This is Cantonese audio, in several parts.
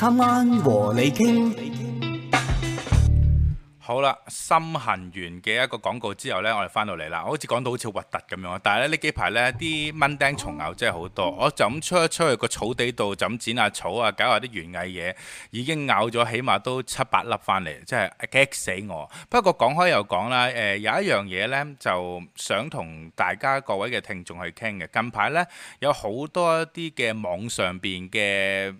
今晚和你傾。好啦，深行完嘅一個廣告之後呢，我哋翻到嚟啦。好似講到好似核突咁樣，但係咧呢幾排呢啲蚊叮蟲咬真係好多。我就咁出一出去個草地度，就咁剪下草啊，搞下啲園藝嘢，已經咬咗起碼都七八粒翻嚟，真係激死我。不過講開又講啦，誒、呃、有一樣嘢呢，就想同大家各位嘅聽眾去傾嘅。近排呢，有好多一啲嘅網上邊嘅。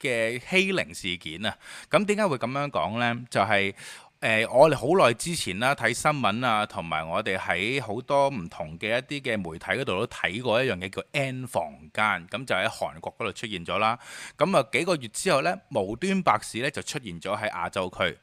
嘅欺凌事件啊，咁點解會咁樣講呢？就係、是、誒、呃，我哋好耐之前啦，睇新聞啊，同埋我哋喺好多唔同嘅一啲嘅媒體嗰度都睇過一樣嘢，叫 N 房間，咁就喺韓國嗰度出現咗啦。咁啊幾個月之後呢，無端白事呢就出現咗喺亞洲區。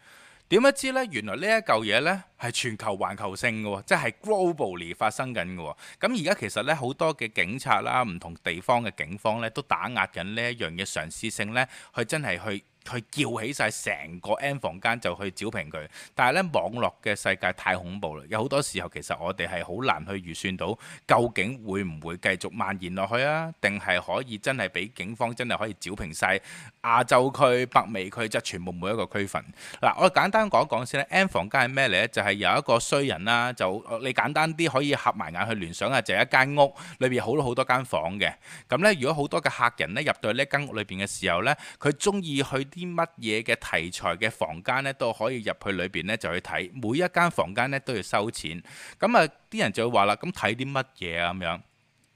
點樣知呢？原來呢一嚿嘢呢，係全球環球性嘅喎，即係 globally 發生緊嘅喎。咁而家其實呢，好多嘅警察啦，唔同地方嘅警方呢，都打壓緊呢一樣嘢嘗試性呢。佢真係去去叫起晒成個 M 房間就去剿平佢。但係呢，網絡嘅世界太恐怖啦，有好多時候其實我哋係好難去預算到究竟會唔會繼續蔓延落去啊？定係可以真係俾警方真係可以剿平晒？亞洲區、北美區，即全部每一個區份。嗱、啊，我簡單講一講先啦。M 房間係咩嚟？就係、是、有一個衰人啦。就你簡單啲可以合埋眼去聯想啊，就係、是、一間屋裏邊好多好多間房嘅。咁呢，如果好多嘅客人呢入到呢間屋裏邊嘅時候呢，佢中意去啲乜嘢嘅題材嘅房間呢，都可以入去裏邊呢，就去睇。每一間房間呢，都要收錢。咁啊，啲人就會話啦：「咁睇啲乜嘢啊？」咁樣。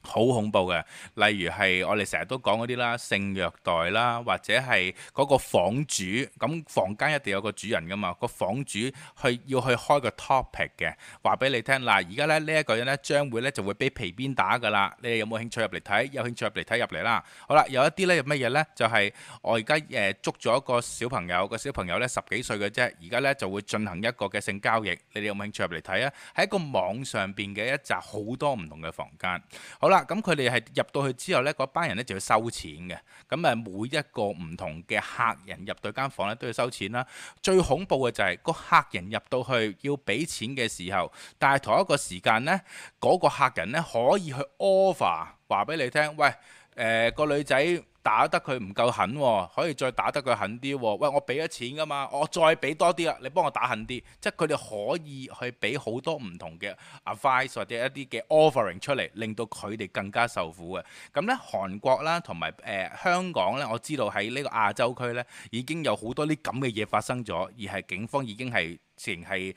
好恐怖嘅，例如係我哋成日都講嗰啲啦，性虐待啦，或者係嗰個房主，咁房間一定有個主人噶嘛，個房主去要去開個 topic 嘅，話俾你聽嗱，而家咧呢一個人咧將會咧就會俾皮鞭打噶啦，你哋有冇興趣入嚟睇？有興趣入嚟睇入嚟啦，好啦，有一啲咧有乜嘢咧，就係我而家誒捉咗一個小朋友，個小朋友咧十幾歲嘅啫，而家咧就會進行一個嘅性交易，你哋有冇興趣入嚟睇啊？喺一個網上邊嘅一集好多唔同嘅房間，好。好啦，咁佢哋係入到去之後呢，嗰班人呢就要收錢嘅。咁啊，每一個唔同嘅客人入到間房呢都要收錢啦。最恐怖嘅就係個客人入到去要俾錢嘅時候，但係同一個時間呢，嗰個客人呢可以去 offer 話俾你聽，喂。誒、呃、個女仔打得佢唔夠狠喎、哦，可以再打得佢狠啲喎、哦。喂，我俾咗錢㗎嘛，我再俾多啲啦，你幫我打狠啲。即係佢哋可以去俾好多唔同嘅 advice 或者一啲嘅 offering 出嚟，令到佢哋更加受苦嘅。咁、嗯、咧，韓國啦同埋誒香港咧，我知道喺呢個亞洲區咧已經有好多啲咁嘅嘢發生咗，而係警方已經係直情係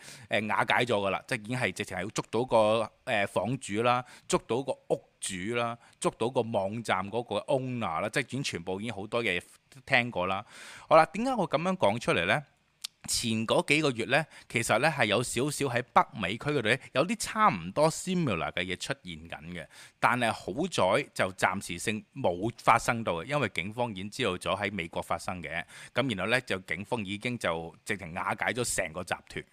瓦解咗㗎啦，即係已經係直情係捉到個誒房主啦，捉到個屋主啦，捉到個網站嗰個 owner 啦，即係已經全部已經好多嘢都聽過啦。好啦，點解我咁樣講出嚟呢？前嗰幾個月呢，其實呢係有少少喺北美區嗰度呢，有啲差唔多 similar 嘅嘢出現緊嘅。但係好在就暫時性冇發生到，因為警方已經知道咗喺美國發生嘅。咁然後呢，就警方已經就直情瓦解咗成個集團。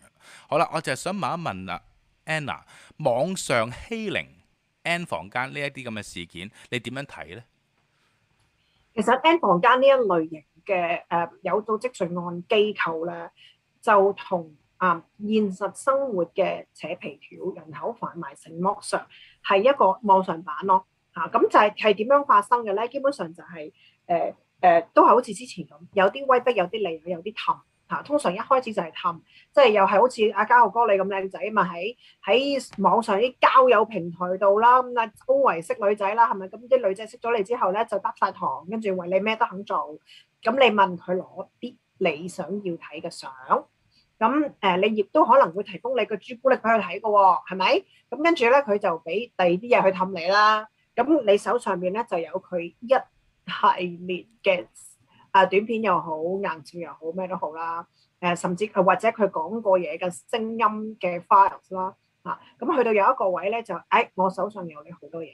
好啦，我就係想問一問啊，Anna，網上欺凌。N 房間呢一啲咁嘅事件，你點樣睇咧？其實 N 房間呢一類型嘅誒、呃、有組織罪案機構咧，就同啊、嗯、現實生活嘅扯皮條人口販賣成網上係一個網上版咯嚇，咁、啊啊、就係係點樣發生嘅咧？基本上就係誒誒，都係好似之前咁，有啲威逼，有啲利誘，有啲氹。嚇，通常一開始就係氹，即係又係好似阿嘉豪哥你咁靚仔嘛，喺喺網上啲交友平台度啦，咁啊周圍識女仔啦，係咪？咁啲女仔識咗你之後咧，就嗒曬糖，跟住為你咩都肯做，咁你問佢攞啲你想要睇嘅相，咁誒你亦都可能會提供你個朱古力俾佢睇嘅喎，係咪？咁跟住咧，佢就俾第二啲嘢去氹你啦，咁你手上邊咧就有佢一系列嘅。啊，短片又好，硬照又好，咩都好啦。誒，甚至佢或者佢講過嘢嘅聲音嘅 files 啦。嚇、啊，咁、嗯、去到有一個位咧，就誒、哎，我手上有你好多嘢，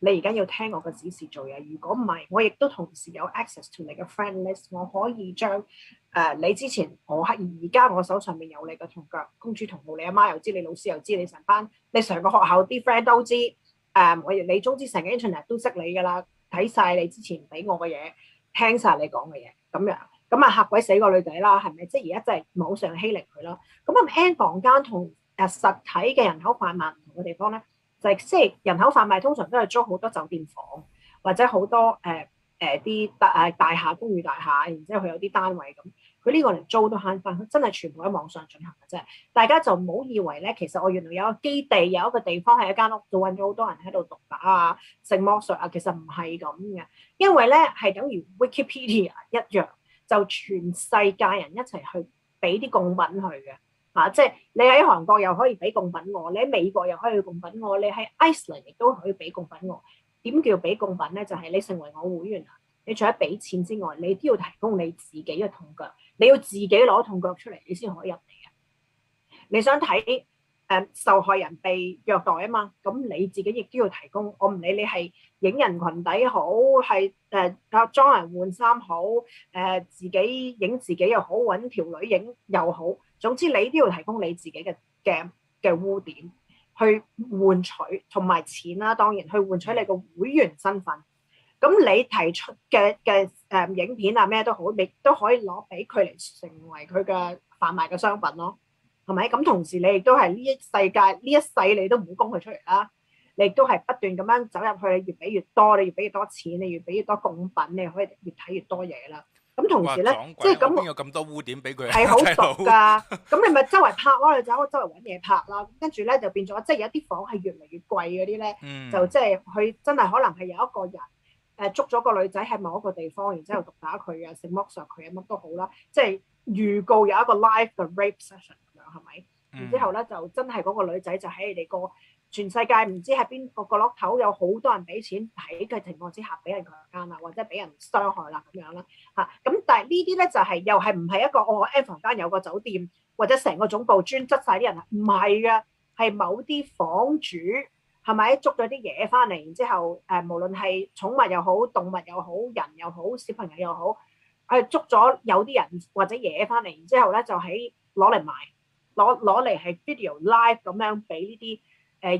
你而家要聽我嘅指示做嘢。如果唔係，我亦都同時有 access to 你嘅 friend list，我可以將誒、呃、你之前我而而家我手上面有你嘅同腳公主同號，你阿媽又知，你老師又知，你成班你成個學校啲 friend 都知。誒、呃，我亦你總之成個 internet 都識你噶啦，睇晒你之前俾我嘅嘢。聽晒你講嘅嘢，咁樣，咁啊嚇鬼死個女仔啦，係咪？即係而家真係網上欺凌佢啦。咁啊 h 房間同誒實體嘅人口販賣唔同嘅地方咧，就係即係人口販賣通常都係租好多酒店房，或者好多誒誒啲大誒大廈，大廈公寓大廈，然之後佢有啲單位咁。佢呢個嚟租都慳翻，真係全部喺網上進行嘅啫。大家就唔好以為咧，其實我原來有個基地，有一個地方係一間屋，就揾咗好多人喺度讀打啊、食魔術啊。其實唔係咁嘅，因為咧係等於 Wikipedia 一樣，就全世界人一齊去俾啲供品佢嘅嚇。即係你喺韓國又可以俾供品我，你喺美國又可以去供品我，你喺 Iceland 亦都可以俾供品我。點叫俾供品咧？就係你成為我會員。你除咗俾錢之外，你都要提供你自己嘅痛腳，你要自己攞痛腳出嚟，你先可以入嚟啊！你想睇誒、呃、受害人被虐待啊嘛？咁你自己亦都要提供。我唔理你係影人裙底好，係誒裝人換衫好，誒、呃、自己影自己又好，揾條女影又好。總之你都要提供你自己嘅鏡嘅污點，去換取同埋錢啦、啊。當然，去換取你個會員身份。咁你提出嘅嘅誒影片啊咩都好，你都可以攞俾佢嚟成為佢嘅販賣嘅商品咯，係咪？咁、嗯、同時你亦都係呢一世界呢一世，一世你都唔好供佢出嚟啦。你亦都係不斷咁樣走入去，越俾越多，你越俾越多錢，你越俾越多供品，你可以越睇越多嘢啦。咁、嗯、同時咧，即係咁邊有咁多污點俾佢係好熟㗎？咁 你咪周圍拍咯，你走去周圍揾嘢拍啦。跟住咧就變咗，即係有一啲房係越嚟越貴嗰啲咧，就即係佢真係可能係有一個人。 誒捉咗個女仔喺某一個地方，然之後毒打佢啊，性剝削佢啊，乜都好啦。即係預告有一個 live 嘅 rape session 咁樣，係咪、嗯？然之後咧就真係嗰個女仔就喺你哋個全世界唔知喺邊個角落頭有好多人俾錢喺嘅情況之下俾人強奸啦，或者俾人傷害啦咁樣啦嚇。咁、啊、但係呢啲咧就係、是、又係唔係一個我 A、哦、房間有個酒店或者成個總部專執晒啲人？唔係啊，係某啲房主。係咪捉咗啲嘢翻嚟？然之後誒，無論係寵物又好，動物又好，人又好，小朋友又好，佢捉咗有啲人或者嘢翻嚟，然之後咧就喺攞嚟賣，攞攞嚟係 Video Live 咁樣俾呢啲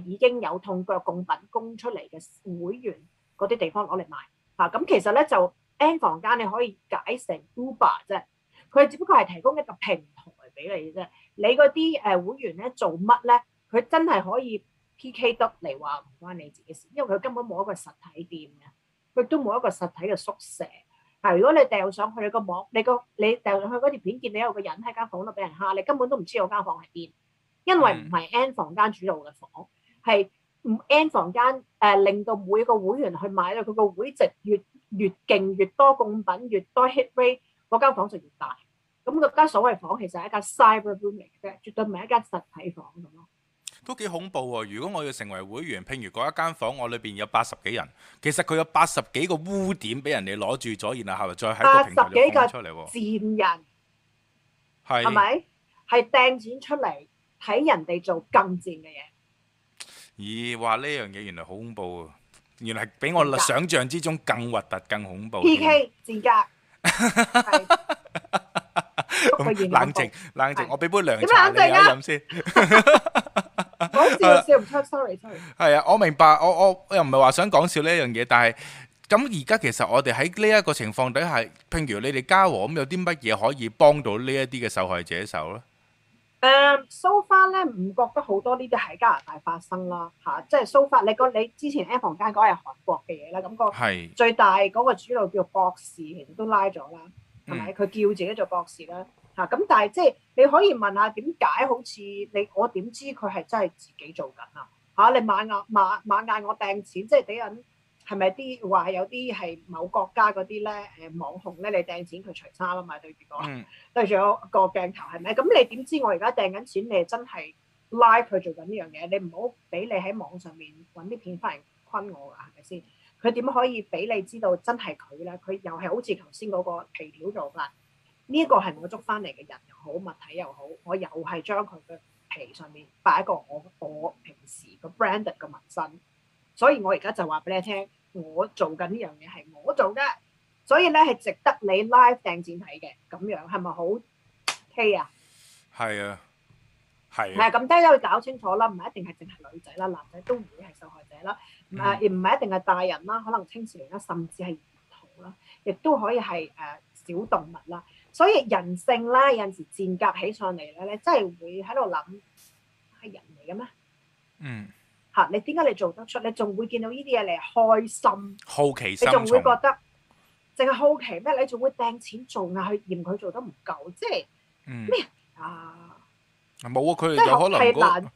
誒已經有痛腳供品供出嚟嘅會員嗰啲地方攞嚟賣。嚇，咁其實咧就 N 房間你可以解成 Uber 啫，佢只不過係提供一個平台俾你啫。你嗰啲誒會員咧做乜咧？佢真係可以。P.K. 得嚟話唔關你自己事，因為佢根本冇一個實體店嘅，佢亦都冇一個實體嘅宿舍。但係如果你掉上去個網，你個你掉上去嗰條片見到有個人喺間房度俾人蝦，你根本都唔知有間房喺邊，因為唔係 N 房間主導嘅房，係唔 N 房間誒令到每一個會員去買咧，佢個會籍越越勁，越多供品，越多 hit rate，嗰間房就越大。咁嗰間所謂房其實係一間 cyber room 嚟嘅啫，絕對唔係一間實體房咁咯。都幾恐怖喎！如果我要成為會員，譬如嗰一間房，我裏邊有八十幾人，其實佢有八十幾個污點俾人哋攞住咗，然後後來再喺個平台就掹出嚟喎，賤人係咪？係掟錢出嚟睇人哋做更賤嘅嘢。咦！話呢樣嘢原來好恐怖啊！原來比我想象之中更核突、更恐怖。P. K. 賤格，冷靜冷靜，我俾杯涼茶你飲先。講笑笑唔出，sorry sorry。係啊，我明白，我我我又唔係話想講笑呢一樣嘢，但係咁而家其實我哋喺呢一個情況底下，譬如你哋嘉禾咁，有啲乜嘢可以幫到呢一啲嘅受害者手咧？誒，蘇芬咧，唔覺得好多呢啲喺加拿大發生啦，嚇，即係蘇芬，你個你之前 N 房間嗰日韓國嘅嘢啦，咁個係最大嗰個主腦叫博士，其實都拉咗啦，係咪？佢叫自己做博士啦。嚇咁、啊，但係即係你可以問下點解好似你我點知佢係真係自己做緊啊？嚇你猛嗌猛猛嗌我掟錢，即係俾人係咪啲話有啲係某國家嗰啲咧誒網紅咧？你掟錢佢除衫啦嘛，對住、嗰個、嗯、對住個鏡頭係咪？咁你點知我而家掟緊錢，你係真係拉佢做緊呢樣嘢？你唔好俾你喺網上面揾啲片翻嚟昆我㗎，係咪先？佢點可以俾你知道真係佢咧？佢又係好似頭先嗰個皮條做法。呢一個係我捉翻嚟嘅人又好，物體又好，我又係將佢嘅皮上面擺一個我我平時個 brand 嘅個紋身，所以我而家就話俾你聽，我做緊呢樣嘢係我做嘅，所以咧係值得你 live 訂展睇嘅，咁樣係咪好 key 啊？係啊，係。係啊，咁低都要搞清楚啦，唔係一定係淨係女仔啦，男仔都唔會係受害者啦，唔係、嗯、而唔係一定係大人啦，可能青少年啦，甚至係。亦都可以係誒、呃、小動物啦，所以人性咧有陣時賤格起上嚟咧，你真係會喺度諗係人嚟嘅咩？嗯，吓、啊、你點解你做得出？你仲會見到呢啲嘢你係開心好奇，你仲會覺得淨係好奇咩？你仲會掟錢做，去做、嗯、啊？嫌佢做得唔夠，即係咩啊？冇啊，佢有可能是。那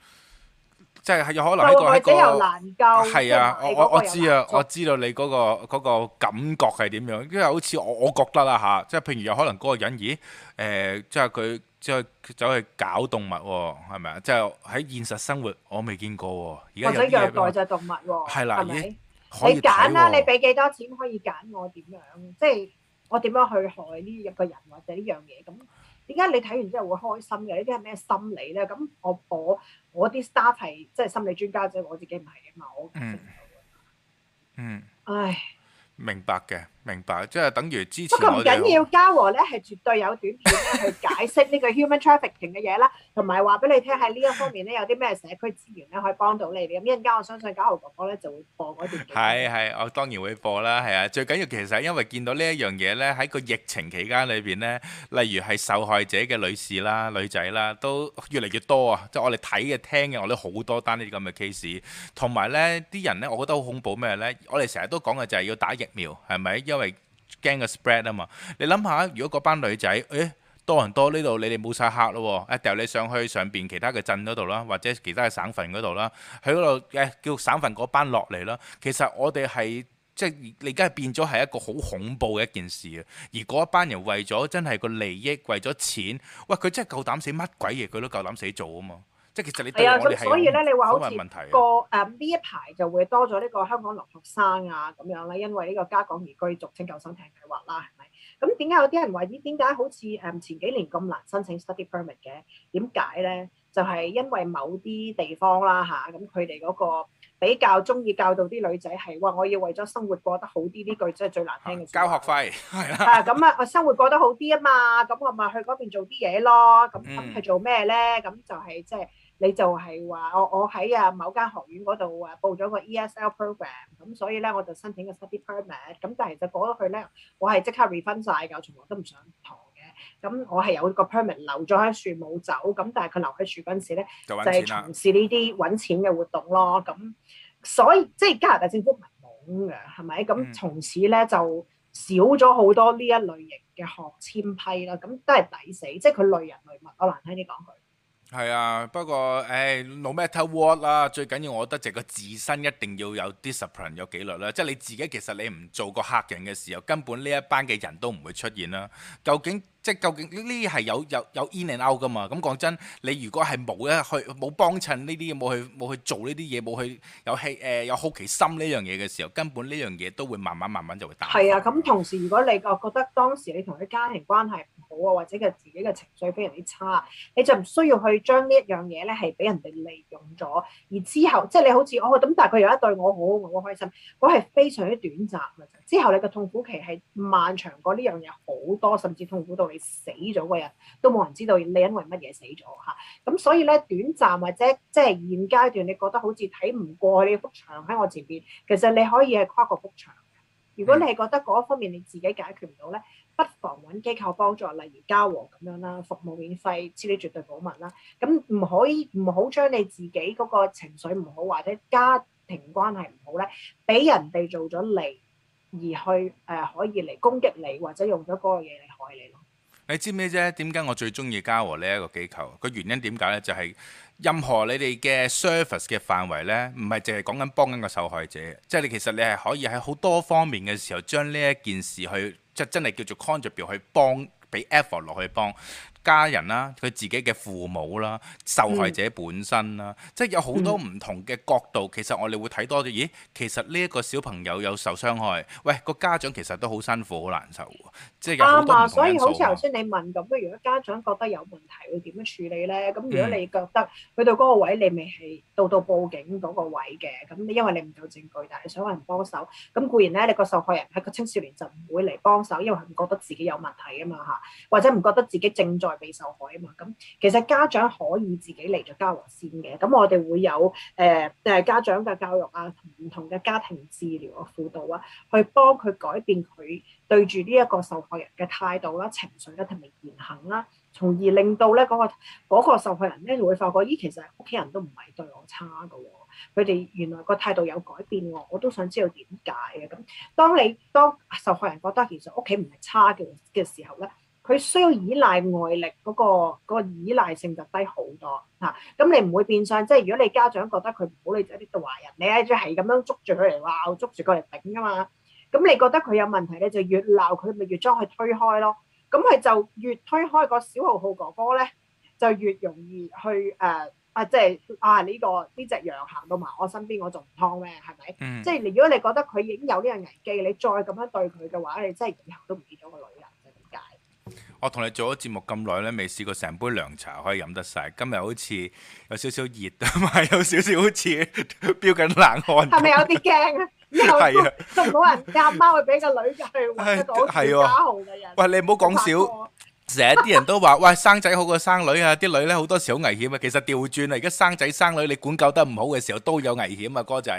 即係有可能喺個喺個，係啊！我我我知啊！我知道，我知道你嗰、嗰個嗰個感覺係點樣，因為好似我我覺得啦吓，即係譬如有可能嗰個人咦誒、欸，即係佢即係走去搞動物喎、哦，係咪啊？即係喺現實生活我未見過喎、哦，而家或者虐待隻動物喎、哦，係啦，你你揀啦，你俾幾多錢可以揀我點樣？即係我點樣去害呢一個人或者呢樣嘢？咁點解你睇完之後會開心嘅？呢啲係咩心理咧？咁我我。我啲 staff 係即係心理專家啫，我自己唔係嘅嘛，我唔清楚。嗯。唉。明白嘅。明白，即係等於支持。不過唔緊要，嘉和咧係絕對有短片咧去解釋呢個 human trafficking 嘅嘢啦，同埋話俾你聽喺呢一方面咧有啲咩社區資源咧可以幫到你嘅。咁一陣間我相信嘉和哥哥咧就會播嗰段片。係係，我當然會播啦。係啊，最緊要其實係因為見到呢一樣嘢咧，喺個疫情期間裏邊咧，例如係受害者嘅女士啦、女仔啦，都越嚟越多啊！即係我哋睇嘅、聽嘅，我都好多單呢啲咁嘅 case，同埋咧啲人咧，我覺得好恐怖咩咧？我哋成日都講嘅就係要打疫苗，係咪？因因為驚個 spread 啊嘛，你諗下，如果嗰班女仔，誒、哎，多人多呢度，你哋冇晒客咯，誒掉你上去上邊其他嘅鎮嗰度啦，或者其他嘅省份嗰度啦，喺嗰度誒叫省份嗰班落嚟啦，其實我哋係即係你而家係變咗係一個好恐怖嘅一件事啊，而嗰一班人為咗真係個利益，為咗錢，喂佢真係夠膽死乜鬼嘢，佢都夠膽死做啊嘛。即係其實你對我哋係，咁所以咧，你話好似個誒呢一排就會多咗呢個香港留學生啊咁樣啦，因為呢個加港移居，俗稱救生艇計劃啦，係咪？咁點解有啲人話啲點解好似誒前幾年咁難申請 study permit 嘅？點解咧？就係因為某啲地方啦嚇，咁佢哋嗰個比較鍾意教導啲女仔係話，我要為咗生活過得好啲，呢句真係最難聽嘅。交學費係啦，啊咁啊，我生活過得好啲啊嘛，咁我咪去嗰邊做啲嘢咯。咁係做咩咧？咁就係即係。你就係話我我喺啊某間學院嗰度啊報咗個 ESL program，咁所以咧我就申請個 study permit，咁但係就過咗去咧，我係即刻 refund 曬嘅，我從來都唔上堂嘅，咁我係有個 permit 留咗喺樹冇走，咁但係佢留喺樹嗰陣時咧，就係從事呢啲揾錢嘅活動咯，咁所以即係加拿大政府唔係懵嘅，係咪？咁從此咧、嗯、就少咗好多呢一類型嘅學簽批啦，咁都係抵死，即係佢累人累物，我難聽啲講佢。係啊，不過誒、哎、no matter what 啦，最緊要我覺得就個自身一定要有 discipline 有紀律啦，即係你自己其實你唔做個黑人嘅時候，根本呢一班嘅人都唔會出現啦。究竟？即係究竟呢啲係有有有 in and out 㗎嘛？咁講真，你如果係冇咧，去冇幫襯呢啲，冇去冇去做呢啲嘢，冇去有希誒有好奇心呢樣嘢嘅時候，根本呢樣嘢都會慢慢慢慢就會打。係啊，咁同時如果你覺覺得當時你同佢家庭關係唔好啊，或者佢自己嘅情緒非常之差，你就唔需要去將呢一樣嘢咧係俾人哋利用咗，而之後即係你好似哦咁，但係佢有一對我好我開心，嗰係非常之短暫啊！之後你嘅痛苦期係漫長過呢樣嘢好多，甚至痛苦到你。死咗嘅人，都冇人知道你因為乜嘢死咗吓，咁、啊、所以咧，短暫或者即係現階段，你覺得好似睇唔過你嘅幅牆喺我前邊，其實你可以係跨過幅牆嘅。如果你係覺得嗰一方面你自己解決唔到咧，嗯、不妨揾機構幫助，例如家和咁樣啦，服務免費，資料絕對保密啦。咁、啊、唔可以唔好將你自己嗰個情緒唔好或者家庭關係唔好咧，俾人哋做咗嚟而去誒、呃、可以嚟攻擊你或者用咗嗰個嘢嚟害你。你知咩啫？點解我最中意嘉禾呢一個機構？個原因點解呢？就係、是、任何你哋嘅 service 嘅範圍呢，唔係淨係講緊幫緊個受害者，即、就、係、是、你其實你係可以喺好多方面嘅時候，將呢一件事去即係真係叫做 controllable 去幫，俾 effort 落去幫。家人啦，佢自己嘅父母啦，受害者本身啦，即係有好多唔同嘅角度。其實我哋會睇多啲，咦？其實呢一個小朋友有受傷害，喂，個家長其實都好辛苦，好難受喎。即係有好多唔同因素。啱啊，所以好似頭先你問咁嘅，如果家長覺得有問題，會點樣處理咧？咁如果你覺得去到嗰個位，你未係到到報警嗰個位嘅。咁因為你唔夠證據，但係想揾人幫手。咁固然咧，你個受害人係個青少年就唔會嚟幫手，因為佢唔覺得自己有問題啊嘛嚇，或者唔覺得自己正在。被受害啊嘛，咁其實家長可以自己嚟咗交和先嘅，咁我哋會有誒誒、呃、家長嘅教育啊，唔同嘅家庭治療啊、輔導啊，去幫佢改變佢對住呢一個受害人嘅態度啦、啊、情緒啦同埋言行啦，從、啊、而令到咧嗰、那個那個受害人咧會發覺，咦，其實屋企人都唔係對我差㗎喎、啊，佢哋原來個態度有改變喎，我都想知道點解嘅咁。當你當受害人覺得其實屋企唔係差嘅嘅時候咧。佢需要依賴外力嗰，那個那個依賴性就低好多嚇，咁、啊、你唔會變相即係如果你家長覺得佢唔好，你就一啲度懷人你就係咁樣捉住佢嚟鬧，捉住佢嚟頂㗎嘛。咁你覺得佢有問題你就越鬧佢咪越將佢推開咯。咁佢就越推開個小浩浩哥哥咧，就越容易去誒啊，啊！即係啊呢，這個呢隻，這個，羊行到埋我身邊，我仲唔劏咩？係咪？嗯、即係如果你覺得佢已經有呢個危機，你再咁樣對佢嘅話，你真係以後都唔見咗個女人。我同你做咗節目咁耐咧，未試過成杯涼茶可以飲得晒。今日好似有少少熱同埋有少少好似飆緊冷汗。係咪有啲驚啊？係啊，仲冇人。你阿媽會俾個女嘅去換個賬號嘅人。喂，你唔好講少，成日啲人都話：，喂，生仔好過生女啊！啲女咧好多時好危險啊。其實調轉啊，而家生仔生女，你管教得唔好嘅時候都有危險啊，哥仔，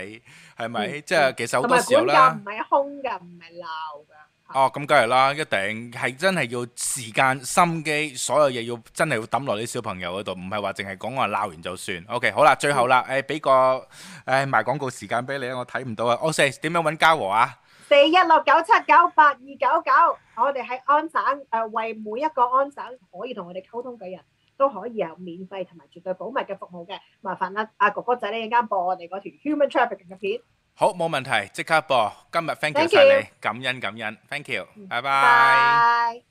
係咪？即係其實好多時啦。同埋管教唔係空㗎，唔係鬧㗎。哦，咁梗係啦，一定係真係要時間、心機，所有嘢要真係要抌落啲小朋友嗰度，唔係話淨係講話鬧完就算。OK，好啦，最後啦，誒，俾個誒賣廣告時間俾你啊，我睇唔到啊。O.K.，點樣搵嘉禾啊？四一六九七九八二九九，我哋喺安省誒，為每一個安省可以同我哋溝通嘅人，都可以有免費同埋絕對保密嘅服務嘅。麻煩啦，阿哥哥仔呢，依家播我哋嗰條 human trafficking 嘅片。好，冇問題，即刻播。今日 thank you 晒你，感恩感恩，thank you，拜拜。